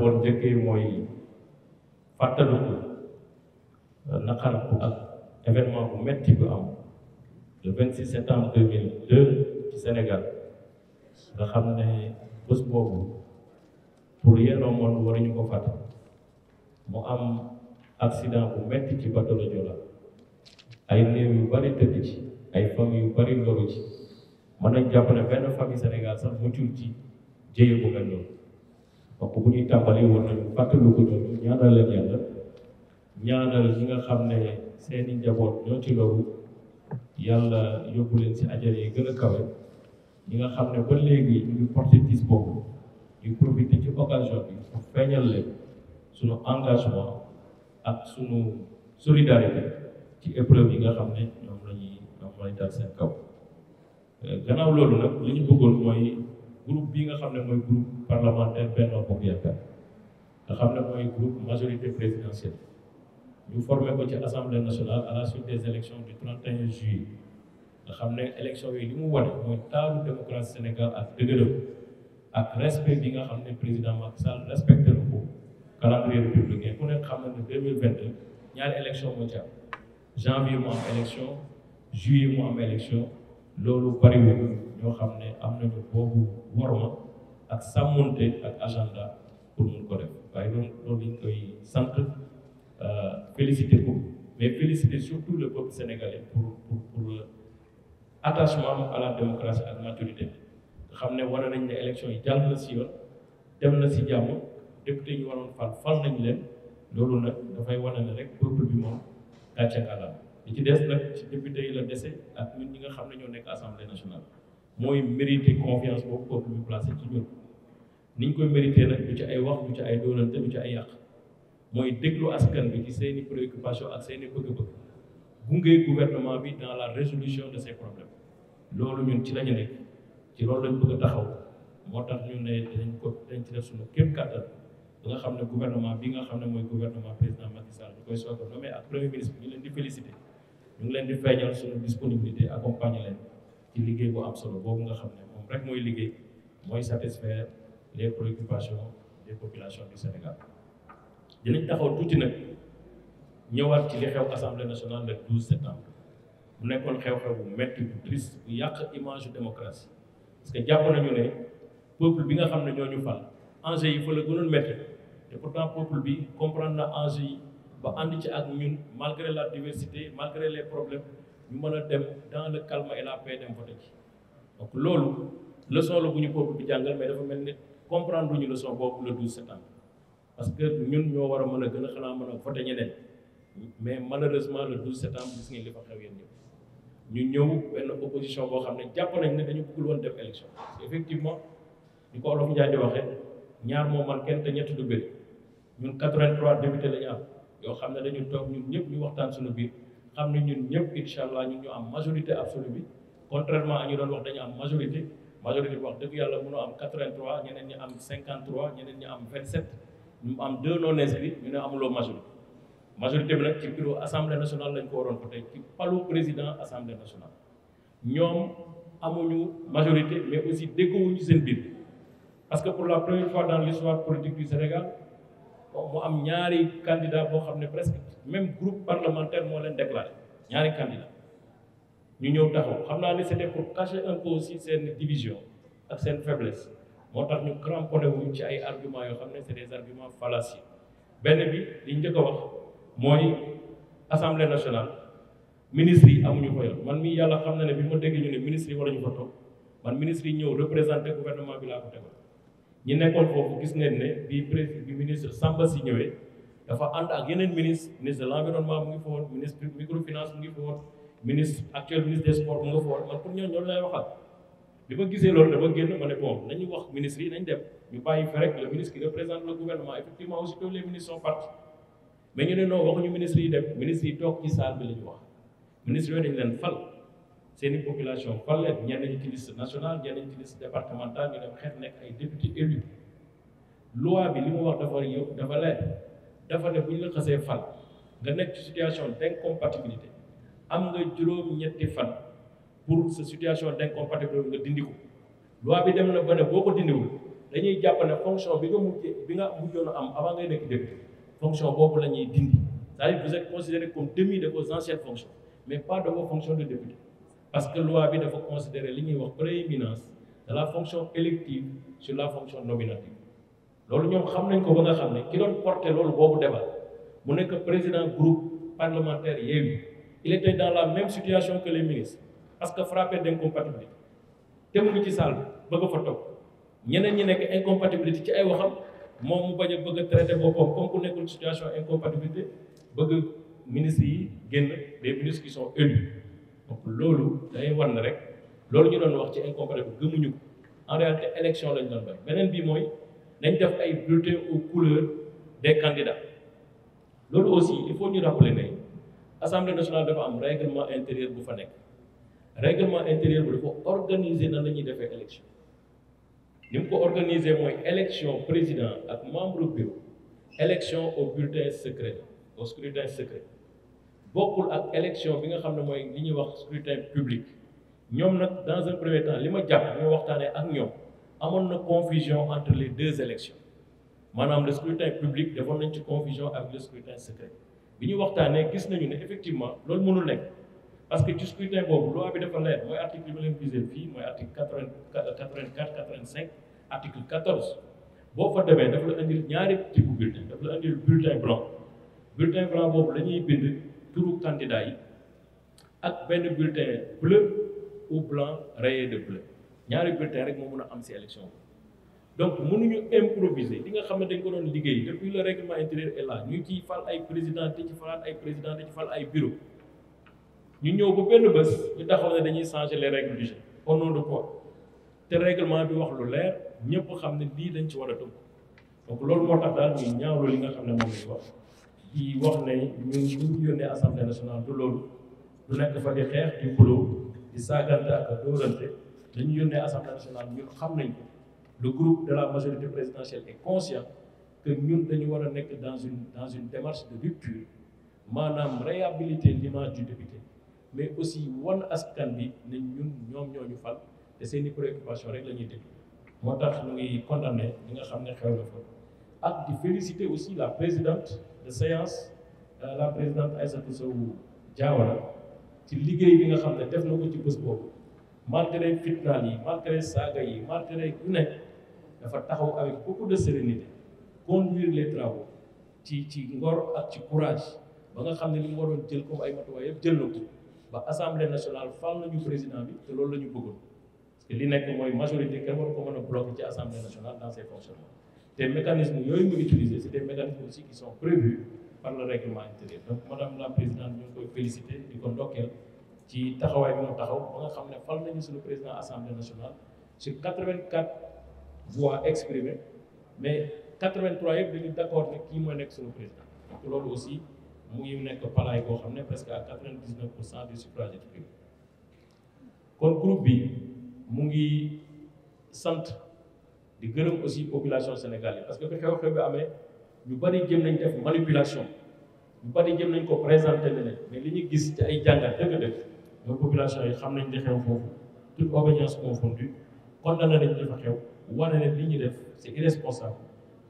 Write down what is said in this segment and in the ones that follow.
war jëkkee mooy fàttaliku euh, naqar bu ak événement bu metti bu am le 26 septembre 2002 ci Sénégal nga xam ne bés boobu pour yéenoo moon waruñu ko fàtte mu am accident bu metti ci bateau le ay néew yu bari tëdd ci ay famille yu bari loru ci mën nañ jàpp ne benn famille Sénégal sax muccul ci jéye bu mel donc bu ñuy tàmbali woon nañu fàttaliku ñooñu ñaanal leen yàlla ñaanal ñi nga xam ne seeni njaboot ñoo ci loolu yàlla yóbbu leen si ajal yi gën a kawe ñi nga xam ne ba léegi ñu ngi porté gis boobu ñu profité ci occasion bi pour feeñal leen sunu engagement ak suñu solidarité ci épreuve yi nga xam ne ñoom la ñuy kaw euh, gannaaw loolu nag li bëggoon mooy. groupe bi nga xam ne mooy groupe parlementaire Benno Bokk Yaakaar nga xam ne mooy groupe majorité présidentielle ñu formé ko ci assemblée nationale à la suite des élections du 31 juillet nga xam ne élection yi li mu wane mooy taaru démocratie Sénégal ak dëgëram ak respect bi nga xam ne président Macky Sall respecté na ko calendrier républicain ku nekk xam na ne 2022 ñaari élection moo ci am janvier mu am élection juillet mu am élection loolu bariwul ñoo xam ne am nañu boobu worma ak sàmmonte ak agenda pour mun ko def waaye loolu loolu ñu koy sant euh, féliciter ko mais féliciter surtout le peuple sénégalais pour pour pour attachement à la démocratie ak maturité bi nga xam ne war nañ ne élection yi jàll na si yoon dem na si jàmm député ñu waroon fal fal nañ leen loolu nag dafay wane ne rek peuple bi moom gàcce ngalaam li ci des nag ci député yi la dese ak ñun ñi nga xam ne ñoo nekk assemblée nationale mooy mérité confiance boobu peuple bi placé ci ñun ni ñu koy mérité nag du ci ay wax du ci ay doonante du ci ay yàq mooy déglu askan bi ci seeni préoccupation ak seeni bëgg-bëgg gunge gouvernement bi dans la résolution de ces problèmes loolu ñun ci lañu nekk ci loolu lañ bëgg taxaw moo tax ñu ne dañ ko dañ ci def suñu képp kàttan ba nga xam ne gouvernement bi nga xam ne mooy gouvernement président Macky Sall ñu koy soog a nommé ak premier ministre ñu leen di félicité ñu ngi leen di feeñal liggéey boo am solo boobu nga xam ne moom rek mooy liggéey mooy satisfaire les préoccupations des populations du Sénégal dinañ taxaw tuuti nag ñëwaat ci li xew assemblée nationale le 12 septembre mu nekkoon xew-xew bu metti bu triste bu yàq image démocratie parce que jàpp nañu ne peuple bi nga xam ne ñoo ñu fal enjeu yi fa la gënoon métti te pourtant peuple bi comprend na enjeu yi ba ànd ci ak ñun malgré la diversité malgré les problèmes ñu mën a dem dans le calme et la paix dem voté ci donc loolu leçon la bu ñu peuple bi jàngal mais dafa mel ni comprendre lu ñu leçon boobu le 12 septembre parce que ñun ñoo war a mën a gën a xanaa mën a voté ñeneen mais malheureusement le 12 septembre gis ngeen li fa xew yéen ñu ñëw benn opposition boo xam ne jàpp nañ ne dañu bëggul woon def élection effectivement ñu ko Olof Njaay di waxee ñaar moo man kenn te ñett du bëri ñun 83 députés la ñu am yoo xam ne dañu toog ñun ñëpp ñu waxtaan suñu biir. am ne ñun ñëpp incha allah ñun ñu am majorité absolue bi contrairement ñu doon wax dañu am majorité majorité bi wax dëgg yàlla mënoo am 83 ñeneen ñi am 53 ñeneen ñi am 27 ñu am deux non inscrits ñu ne amuloo majorité majorité bi nag ci bureau assemblée nationale lañ ko waroon voté ci palu président assemblée nationale ñoom amuñu majorité mais aussi déggoowuñu seen biir parce que pour la première fois dans l'histoire politique Sénégal mu am ñaari candidat boo xam ne presque même groupe parlementaire moo leen déclaré ñaari candidat ñu ñëw taxaw xam naa ne c'était pour cacher un peu seen division ak seen faiblesse moo tax ñu cramponné wuñ ci ay arguments yoo xam ne c'est des arguments fallacieux benn bi liñ njëkk a wax mooy assemblée nationale ministres yi amuñu ko yoon man mii yàlla xam na ne bi ma dégg ñu ne ministres yi waruñu ko toog man ministres yi ñëw représenté gouvernement bi laa ko ñi nekkoon foofu gis ngeen ne bi président bi ministre Samba si ñëwee dafa ànd ak yeneen ministre ministre de l' environnement mu ngi fa woon ministre microfinance mu ngi fa ministre actuel ministre des sports mu nga fa man pour ñoom ñoo lay waxal bi ma gisee loolu dama génn ma ne bon nañu wax ministre yi nañ dem ñu bàyyi fa rek le ministre qui représente le gouvernement effectivement aussi tous les ministres sont partis mais ñu waxuñu ministre seen i population fal leen ñenn ñi ci liste nationale ñenn ñi ci liste départementale ñu dem xeet nekk ay député élu loi bi li mu wax dafa yëpp dafa leer dafa ne bu ñu la xasee fal nga nekk ci situation d'incompatibilité am nga juróom-ñetti fan pour sa situation d'incompatibilité nga dindi ko loi bi dem na ba ne boo ko dindiwul dañuy jàpp ne fonction bi nga mujjee bi nga mujjoon am avant ngay nekk député fonction boobu la ñuy dindi c'est-à-dire vous êtes parce que loi bi dafa considérer li ñuy wax prééminence de la fonction élective sur la fonction nominative loolu ñoom xam nañ ko ba nga xam ne ki doon porté loolu boobu débat mu nekk président groupe parlementaire Yewwi il était dans la même situation que les ministres parce que frappé d'incompatibilité te mu ngi ci salle bi bëgg fa toog ñeneen ñi nekk incompatibilité ci ay waxam moom mu bañ a bëgg a traité boppam comme ku nekkul situation incompatibilité bëgg ministres yi génn des ministres qui donc loolu day wan ne rek loolu ñu doon wax ci incompréhension gëmuñu ko en réalité élection lañ doon bañ beneen bi mooy nañ def ay bulletins aux couleurs des candidats loolu aussi il faut ñu rappeler ne assemblée nationale dafa am règlement intérieur bu fa nekk règlement intérieur bu dafa organiser na la ñuy defee élection ni mu ko organiser mooy élection président ak membre bureau élection au bulletin secret au scrutin secret bokkul ak élection bi nga xam ne mooy li ñuy wax scrutin public ñoom nag dans un premier temps li ma jàpp ñu waxtaanee ak ñoom amoon na confusion entre les deux élections maanaam le scrutin public defoon nañ ci confusion avec le scrutin secret bi ñu waxtaanee gis nañu ne effectivement loolu mënul nekk parce que ci scrutin boobu loi bi dafa leer mooy article bi ma leen visé fii mooy article quatre vingt quatre quatre vingt cinq article quatorze boo fa demee dafa la indil ñaari type bulletin dafa la indil bulletin blanc bulletin blanc boobu la ñuy bind. turu candidat yi ak benn bulletin bleu ou blanc rayé de bleu ñaari bulletin rek moo mun a am si élection bi donc mënuñu improviser li nga xam ne dañ ko doon liggéey depuis le règlement intérieur est là ñu ciy fal ay président di ci falaat ay président di ci fal ay bureau ñu ñëw ba benn bés ñu taxaw ne dañuy changer les règles du jeu au nom de quoi te règlement bi wax lu leer ñëpp xam ne lii dañ ci war a tënk donc loolu moo tax daal ñu ñaawlu li nga xam di wax ne ñun ñu yónnee assemblée nationale du loolu du nekk fa di xeex di xuloo di saagante ak dóorante dañu yónnee assemblée nationale ñun xam nañ ko groupe de la majorité présidentielle et conscient que ñun dañu war a nekk dans une dans une démarche de rupture maanaam réhabiliter l'image ju député mais aussi wan askan bi ne ñun ñoom ñoo fal te seen i préoccupation rek la ñuy moo tax ñu ngi condamné li xam ne xew na fa ak di féliciter aussi la présidente de séance euh, la présidente Aïssatou Sow Diawara ci liggéey bi nga xam ne def na ko ci bés boobu malgré fitnaal yi malgré saaga yi malgré ku dafa taxaw avec beaucoup de sérénité conduire les travaux ci ci ngor ak ci courage ba nga xam ne li mu waroon jël comme ay matuwaay yëpp jël na ko ba assemblée nationale fal nañu président bi te loolu la ñu bëggoon parce que li nekk mooy majorité kenn war ko mën a bloquer ci assemblée nationale dans les mécanismes yooyu mu utiliser c'est des mécanismes aussi qui sont prévus par le règlement intérieur donc madame la présidente ñu koy féliciter di ko ndokkeel ci taxawaay bi mu taxaw ba nga xam ne fal nañu suñu président assemblée nationale sur quatre-vingt-quatre voix exprimées mais quatre-vingt-trois yëpp dañu d'accord ne kii mooy nekk suñu président donc loolu aussi mu ngi nekk palaay koo xam ne presque à quatre-vingt-dix-neuf pour cent du bi mu ngi sant di gërëm aussi population sénégalaise parce que bi xew-xew bi amee ñu bari jëm nañ def manipulation ñu bari jëm nañ ko présenté ne mais li ñu gis ci ay jàngat dëgg-dëgg mooy population yi xam nañ di xew foofu toute obédience confondue condamné nañ dafa xew wane ne li ñu def c'est irresponsable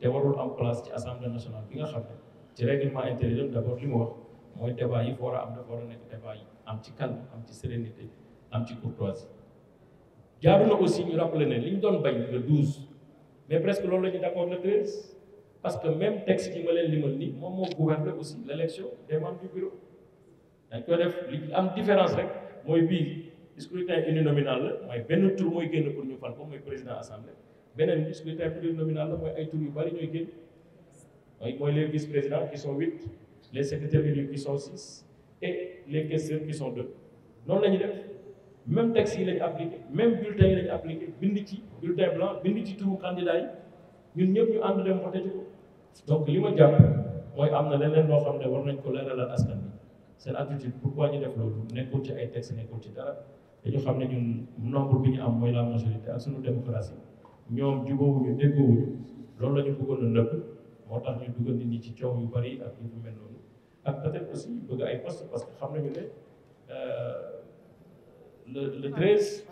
te warul am place ci assemblée nationale bi nga xam ne ci règlement intérieur d'abord li mu wax mooy débat yi fa war a am dafa war a nekk débat a am mais presque loolu la ñu d'accord le 13 parce que même texte yi ma leen limal nii moom moo gouverne aussi l'élection des membres du dañ ko def li am différence rek mooy bii scrutin uninominal la mooy benn tur mooy génn pour ñu fal ko mooy président assemblée beneen bi scrutin plurinominal la mooy ay tur yu bari ñooy génn mooy mooy les vice présidents qui sont huit les secrétaires élus qui sont six et les questeurs qui sont deux noonu la ñu def. même texte yi lañu appliqué même bulletin yi lañu appliqué bind ci bulletin blanc bind ci turu candidat yi ñun ñëpp ñu ànd dem voté ci ko donc li ma jàpp mooy am na leneen loo xam ne war nañ ko leeralal askan bi seen attitude pourquoi ñu def loolu nekkul ci ay texte nekkul ci dara xam ne ñun nombre bi ñu am mooy la majorité ak suñu démocratie ñoom jubóowuñu déggoowuñu loolu la ñu bëggoon a nëbb moo tax ñu dugal nit ñi ci coow yu bari ak yu mel noonu ak peut-être bëgg ay poste parce que xam nañu ne euh, le le treize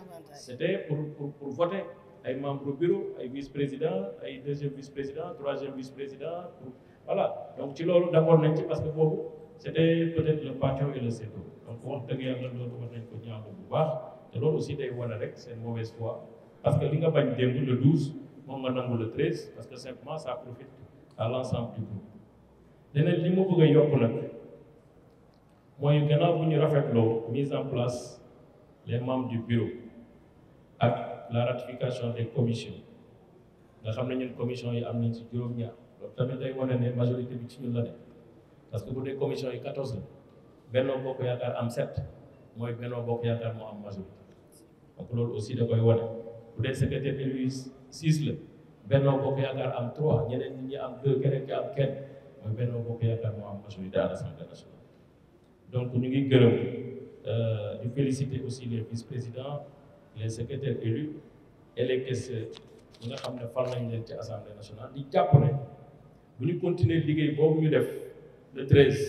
pour pour pour voter ay membres bureau ay vice président ay deuxième vice président troisième vice président pour voilà donc ci loolu d'accord nañ ci parce que boobu c'était peut-être le Patio et le Seto donc wax dëgg yàlla loolu war nañ ko ñaaxu bu baax te loolu aussi day wane rek seen mauvaise foi parce que li nga bañ démb le douze moom nga nangu le treize parce que simplement ça profite à l'ensemble du groupe leneen li mu bëgg a yokk nag mooy ñu rafetloo mise en place les membres du bureau ak la ratification des commissions nga xam ne ñun commission yi am nañ si juróom-ñaar loolu tamit day wane ne majorité bi ci ñun la ne parce que bu dee commission yi quatorze la Benno Bokk Yaakaar am sept mooy Benno Bokk Yaakaar moo am majorité loolu aussi da koy wane bu dee secrétaire élu six la Benno Bokk Yaakaar am trois ñeneen ñi ñi am deux keneen ki am kenn moo am majorité à l'Assemblée nationale donc ñu ngi gërëm ñu euh, féliciter aussi les vice-présidents les secrétaires élus et les nga xam ne fal nañ leen ci assemblée nationale di jàpp ne bu ñu continuer liggéey boobu ñu def le treize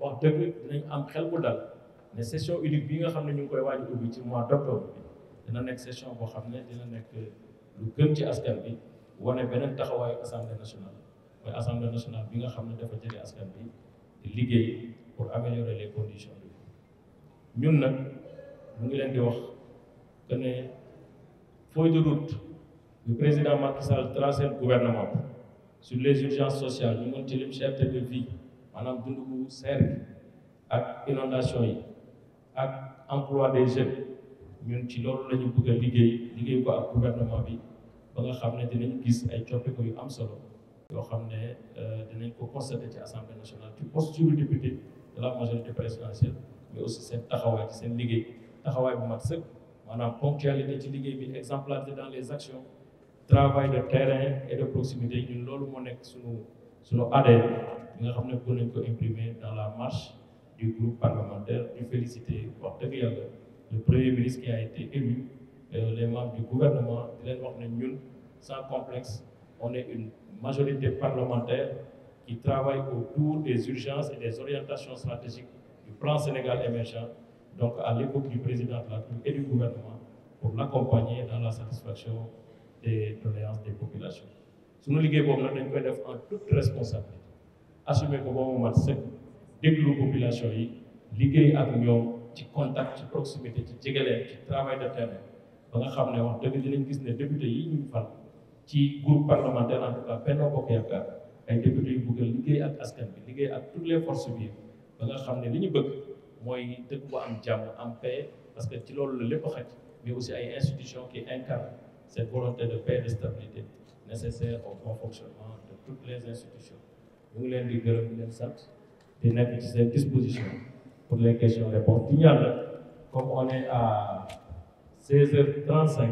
wax dëgg dinañ am xel bu dal ne session unique bi nga xam ne ñu ngi koy waaj ubbi ci mois d'octobre bi dina nekk session boo xam ne dina nekk lu gën ci askan bi wane beneen taxawaayu assemblée nationale mooy assemblée nationale bi nga xam ne dafa jëlee askan bi liggéey pour améliorer les conditions ñun nag mu ngi leen di wax que ne feuille de route du président Macky Sall tracé gouvernement sur les urgences sociales ñu mën ci lim cherté de vie maanaam dund bu ak inondation yi ak emploi des jeunes ñun ci loolu la ñu bëgg liggéey liggéey ko ak gouvernement bi ba nga xam ne dinañ gis ay coppite yu am solo yoo xam ne euh, dinañ ko constaté ci assemblée nationale ci posture député de la majorité présidentielle. mais aussi seen taxawaay ci seen liggéey taxawaay bu mat sëkk ponctualité ci liggéey bi exemplarité dans les actions travail de terrain et de proximité ñun loolu moo nekk suñu suñu ADN bi nga xam ne bëgg nañ ko imprimer dans la marche du groupe parlementaire di féliciter wax le premier ministre qui a été élu euh, les membres du gouvernement di leen wax sans complexe on est une majorité parlementaire qui travaille autour des urgences et des orientations stratégiques du plan Sénégal émergent, donc à l'écoute du président de la République et du gouvernement pour l'accompagner dans la liggéey boobu nag dañ koy def en toute responsabilité assumer ko ba mu mat déglu population yi liggéey ak ñoom ci contact ci proximité ci jegeleen ci travail de terrain ba nga xam ne wax dëgg dinañ gis ne député yi ñu fal ci groupe parlementaire en tout cas Benno Bokk Yaakaar ay député yu bëgg liggéey ak askan bi liggéey ak toutes les forces vives ba nga xam ne li ñu bëgg mooy dëkk bu am jàmm am paix parce que ci loolu la lépp xaj mais aussi ay institutions qui incarnent cette volonté de paix et de stabilité nécessaire au fonctionnement de toutes les institutions ñu leen di gërëm leen sant di nekk ci seen pour les questions réponses di ñaan la comme on est à 16h35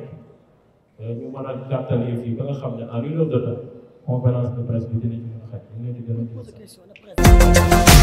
euh, ñu a gàttal yëf yi ba nga xam ne en une heure de temps conférence de presse bi dinañu mën a xaj ñu ngi leen di gërëm di leen sant